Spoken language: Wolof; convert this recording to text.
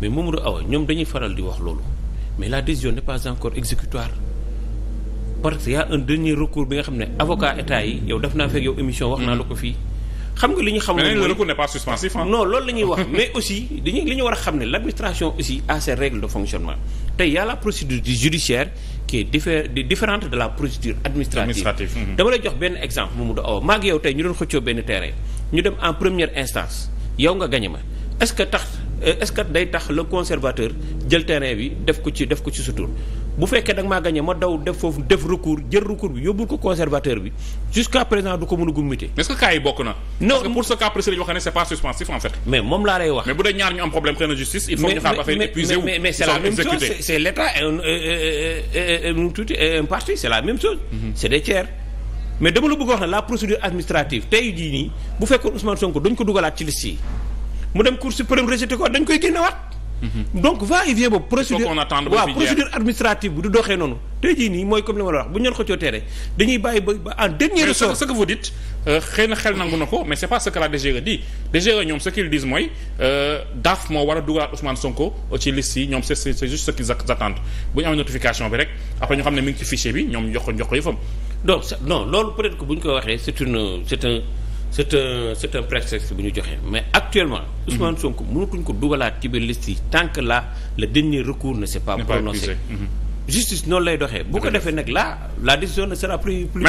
mais Mamadou Awa ñoom dañuy faral di wax loolu mais la décision n'est pas encore exécutoire parce que y a recours bi nga xam ne avocat état yi yow def naa fekk yow émission wax naa la ko fii xam nga li ñu xam le recours n'est pas suspensif non loolu la ñuy wax mais aussi dañu li ñu war a xam ne l'administration aussi a ses règles de fonctionnement tey y a la procédure du judiciaire qui est diffé différente de la dama lay jox benn exemple Mamadou Awa maa ngi yow tey ñu doon xëccoo benn dem en première instance yow nga gañe ma Euh, est-ce que day tax le conservateur jël terrain bi def ko ci def ko ci sutur bu fekkee da nga maa ma daw def foofu def recours jël recours bi yóbbul ko conservateur bi jusqu'à présent du ko mën a gumité. est-ce que bokk na. non parce que pour ce cas précis la ñu wax ne mais moom laa lay wax. mais bu dee ñaar ñu am problème xëy justice. il faut ñu xaar affaire épuisé wu. mais mais mais c'est la même chose c'est c'est l'État et un euh, euh, tuuti un parti c'est la même chose. Mm-hmm. c'est mais dama la bëgg wax ne la procédure administrative jii nii bu fekkoon Ousmane Sonko dañ ko dugalaat ci liste mu dem cour suprême rejeté ko dañ koy génnewaat. donc va et boobu. procédure waaw procédure administrative bi du doxee noonu. tey nii mooy comme li ma wax bu ñu leen xëccoo dañuy bàyyi ba en dernier ressort. mais ce que euh, xel nangu na ko mais c'est pas ce que la DGE e, ñoom ce mooy euh, DAF moo war a dugalaat Ousmane Sonko ci liste yi ñoom c'est c'est bu ñu amee notification bi rek après ñu xam ne mi ngi ci fichier bi ñoom jox c'est un c'est un prétexte bu ñu joxe mais actuellement. Ousmane Sonko mënatuñ ko dugalaat ci biir liste yi tant que là le ne s'est pas prononcé. Mhm. justice noonu lay doxee. bu ko defee nag là la décision ne sera plus plus.